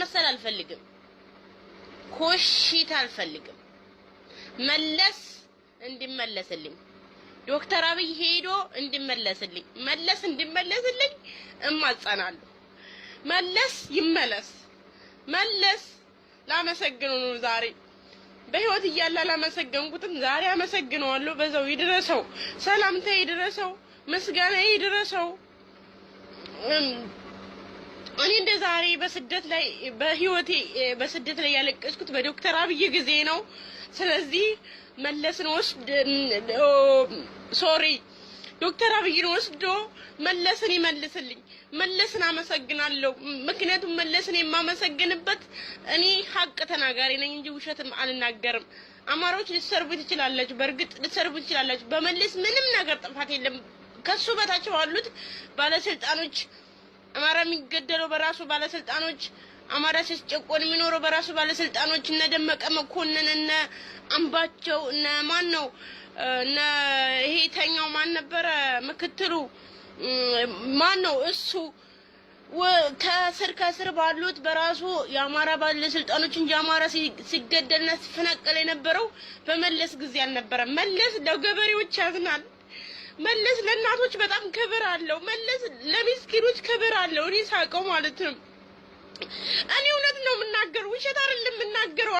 ማስመሰል አልፈልግም። ኮሽት አልፈልግም። መለስ እንዲመለስልኝ ዶክተር አብይ ሄዶ እንዲመለስልኝ መለስ እንዲመለስልኝ እማጸናለሁ። መለስ ይመለስ። መለስ ላመሰግኑ ነው ዛሬ በህይወት እያለ አላመሰገንኩትም። ዛሬ አመሰግነዋለሁ። በዛው ይድረሰው፣ ሰላምታ ይድረሰው፣ ምስጋና ይድረሰው። እኔ እንደ ዛሬ በስደት ላይ በህይወቴ በስደት ላይ ያለቀስኩት በዶክተር አብይ ጊዜ ነው። ስለዚህ መለስን ወስድ ሶሪ ዶክተር አብይን ወስዶ መለስን ይመልስልኝ። መለስን አመሰግናለሁ። ምክንያቱም መለስን የማመሰግንበት እኔ ሀቅ ተናጋሪ ነኝ እንጂ ውሸትም አልናገርም። አማራዎች ልትሰርቡ ትችላላችሁ፣ በእርግጥ ልትሰርቡ ትችላላችሁ። በመለስ ምንም ነገር ጥፋት የለም። ከሱ በታች ባሉት ባለስልጣኖች አማራ የሚገደለው በራሱ ባለስልጣኖች፣ አማራ ሲጨቆን የሚኖረው በራሱ ባለስልጣኖች እነ ደመቀ መኮንን፣ እነ አምባቸው፣ እነ ማን ነው እነ ይሄ ተኛው ማን ነበረ ምክትሉ ማን ነው እሱ ከስር ከስር ባሉት በራሱ የአማራ ባለስልጣኖች እንጂ አማራ ሲገደልና ሲፈናቀል የነበረው በመለስ ጊዜ አልነበረም። መለስ ለገበሬዎች ያዝናል። መለስ ለእናቶች በጣም ክብር አለው። መለስ ለሚስኪኖች ክብር አለው። እኔ ሳውቀው ማለት ነው። እኔ እውነት ነው የምናገረው፣ ውሸት አይደለም የምናገረው።